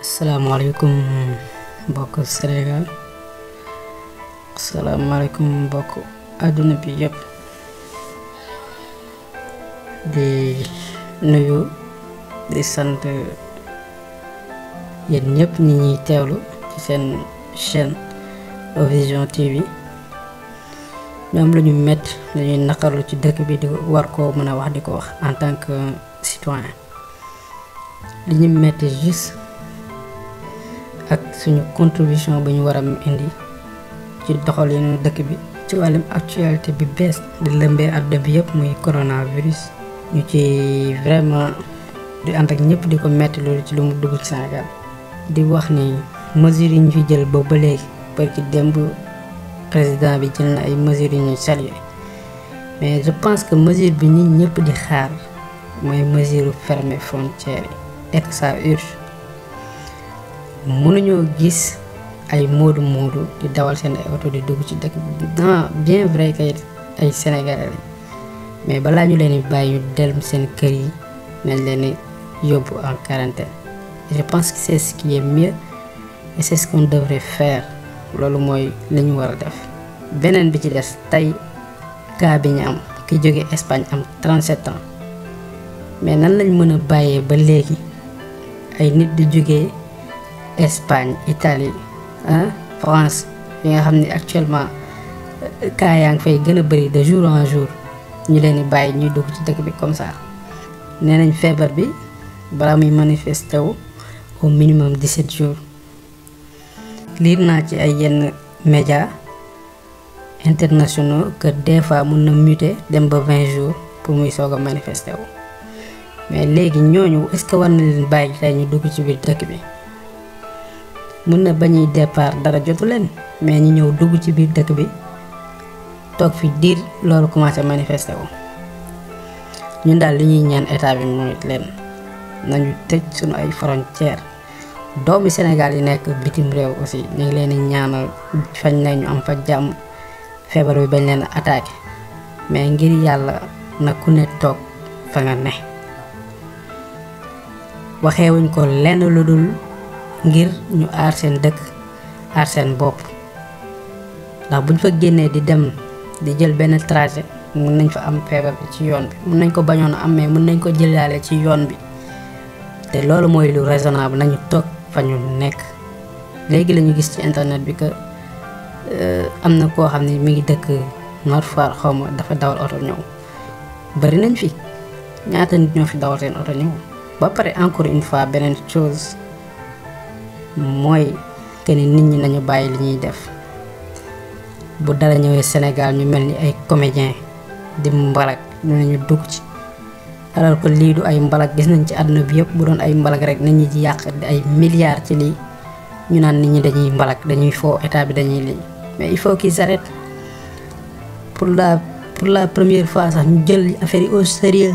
asalaamaaleykum mbokk Sénégal asalaamaaleykum mbokk àdduna bi yëpp di nuyu di sant yéen ñëpp ñi ñuy teewlu ci seen chaîne Ovision TV ñoom lu ñu métti dañuy naqarlu ci dëkk bi di war koo mën a wax di ko wax en tant que citoyen li ñu métti juste ak suñu contribution bu ñu war a indi ci doxalinu dëkk bi ci wàllum actualité bi bees di lëmbee àdduna bi yëpp muy coronavirus ñu ci vraiment di ànd ak ñëpp di ko metti loolu ci lu mu dugg ci di wax ni mesures ñu fi jël boobu léegi parce que démb président bi jël na ay mesures yu ñu salué mais je pense que mesure bi nit ñëpp di xaar mooy mesure fermer frontière yi et que ça urge mënuñoo gis ay moodu moodu di dawal seen ay oto di dugg ci dëkk bi bien vrai kay ay sénégalais lañ mais balaa ñu leen di bàyyi ñu dellu seen kër yi nañ leen yóbbu en quarantaine je pense que c'est ce qui est mieux et c'est ce qu'on devrait faire loolu mooy li ñu war a def beneen bi ci des tey cas bi ñu am ki jóge Espagne am trent 37 ans mais nan lañ mën a bàyyee ba léegi ay nit di jógee Espagne Italie ah France fi nga xam ni actuellement euh, cas yaa ngi fay gën a bëri de jour en jour ñu leen di bàyyi ñuy dugg ci dëkk bi comme ça nee nañ feebar bi balaa muy manifesté wu au minimum 17 jours. liir naa ci ay yenn médias internationaux que des fois mun na muter dem ba vingt jours pour muy soog a manifester wu mais léegi ñooñu est-ce que war na leen bàyyi tey ñu dugg ci biir dëkk bi mun na ba ñuy départ dara jotu leen mais ñu ñëw dugg ci biir dëkk bi toog fi diir loolu commencé manifester wu ñun daal li ñuy ñaan état bi mooy leen nañu tëj sunu ay frontières. doomi Sénégal yi nekk bitim réew aussi ñu leen di ñaanal fañ ne am fa jàmm feebar bi bañ leen attaqué mais ngir yàlla na ku ne toog fa nga ne waxeewuñ ko lenn lu dul ngir ñu aar seen dëkk aar seen bopp ndax buñ fa génnee di dem di jël benn trajet mun nañ fa am feebar bi ci yoon bi mun nañ ko bañoon am mais mun nañ ko jëlaale ci yoon bi te loolu mooy lu raisonnable nañu toog fa ñu nekk léegi la gis ci internet bi que euh, am na koo xam ne mi ngi dëkk Nord Foire xaw ma dafa dawal oto ñëw bari nañ fi ñaata nit ñoo fi dawal seen oto ñëw ba pare encore une fois beneen chose mooy que nit ñi nañu bàyyi li ñuy def bu dara ñëwee Sénégal ñu mel ni ay comédien di mbalak ñu ne ñu dugg ci alal ko li du ay mbalak gis nañ ci aduna bi yëpp bu doon ay mbalak rek nit ñi ci yàq ay milliards ci li ñu naan nit ñi dañuy mbalak dañuy fo état bi dañuy li mais il faut qu'ils arrêtent pour la pour la première fois sax ñu jël affaire yi au sérieux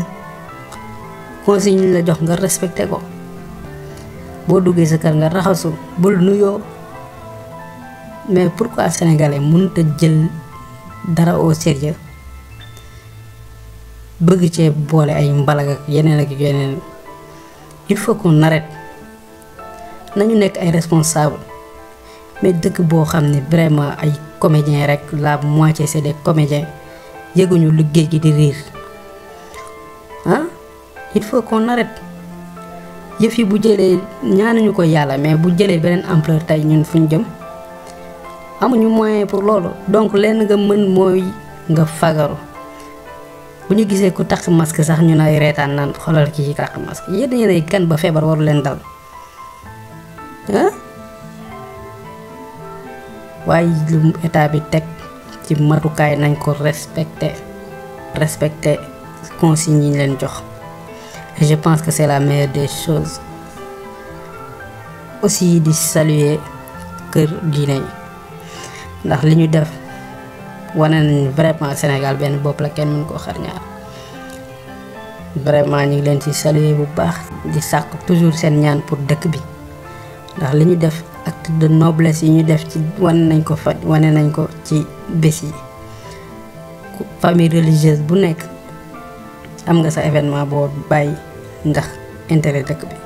consigne la jox nga respecté ko boo duggee sa kër nga raxasu bul nuyoo mais pourquoi sénégalais mënut a jël dara au sérieux bëgg cee boole ay mbalag ak yeneen ak yeneen il faut qu'on naret nañu nekk ay responsable mais dëkk boo xam ne vraiment ay comédien rek la moitié c'est des comédiens yëguñu liggéey gi di riir ah il faut qu'on arrête yëf yi bu jëlee ñaanuñu ko yàlla mais bu jëlee beneen ampleur tey ñun fu ñu jëm amuñu moyen pour loolu donc lenn nga mën mooy nga fagaru buñu gisé iya ku takk masque sax ñu nay rétan nan xolal ki takk masque yé dañ lay kan ba fébar waru len dal ah way lu état bi tek ci kay nañ ko respecté respecté consigne ñu len jox je pense que c'est la meilleure des choses aussi di saluer kër diine yi ndax li ñu def wone nañ vraiment sénégal benn bopp la kenn mën koo xar ñaar vraiment ñu ngi leen ci saluer bu baax di sàkk toujours seen ñaan pour dëkk bi ndax li ñu def acte de noblesse yi ñu def ci wane nañ ko fa wane nañ ko ci bés yi famille religieuse bu nekk am nga sa événement boo bàyyi ndax intérêt dëkk bi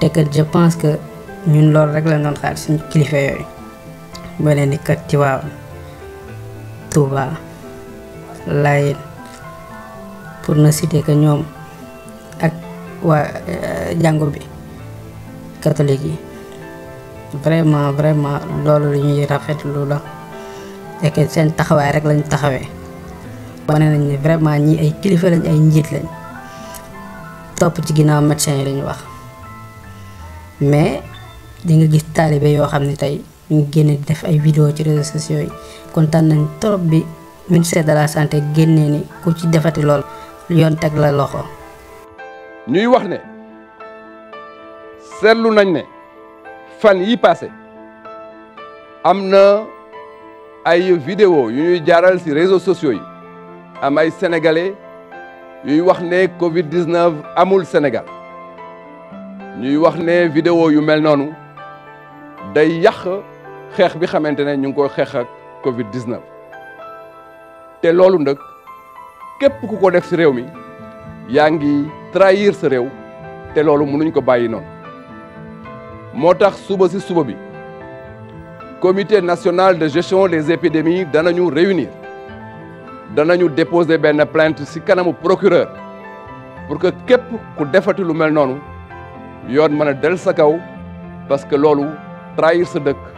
te que je pense que ñun loolu rek la doon xaar suñu kilifa yooyu ba leen di kat ci waawoon Touba Layen pour na cité que ñom ak wa eh, jàngur bi catholique vraiment vraiment lolu li ñuy rafet lu la et sen taxaway rek lañ taxawé bané nañ ni vraiment ñi ay kilifa lañ ay njit lañ top ci ginnaaw médecin lañ wax mais di nga gis talibé yo xamni tay mi ngi génne def ay vidéo ci réseaux sociaux yi kontaan nañ trop bi ministère de la santé génnee ni ku ci defati lool yoon teg la loxo. ñuy wax ne seetlu nañ ne fan yi passé am na ay vidéo yu ñuy jaaral ci réseaux sociaux yi am ay sénégalais yuy wax ne Covid 19 amul Sénégal. ñuy wax ne vidéo yu mel noonu day yàq xeex bi xamante ne ñu ngi koy xeex ak Covid 19 te loolu nag képp ku ko def si réew mi yaa ngi trahir sa réew te loolu mënuñ ko bàyyi noonu moo tax suba si suba bi comité national de gestion des épidémies danañu réunir danañu déposer benn plainte si kanamu procureur pour que képp ku defati lu mel noonu yoon mën a del sa kaw parce que loolu trahir sa dëkk.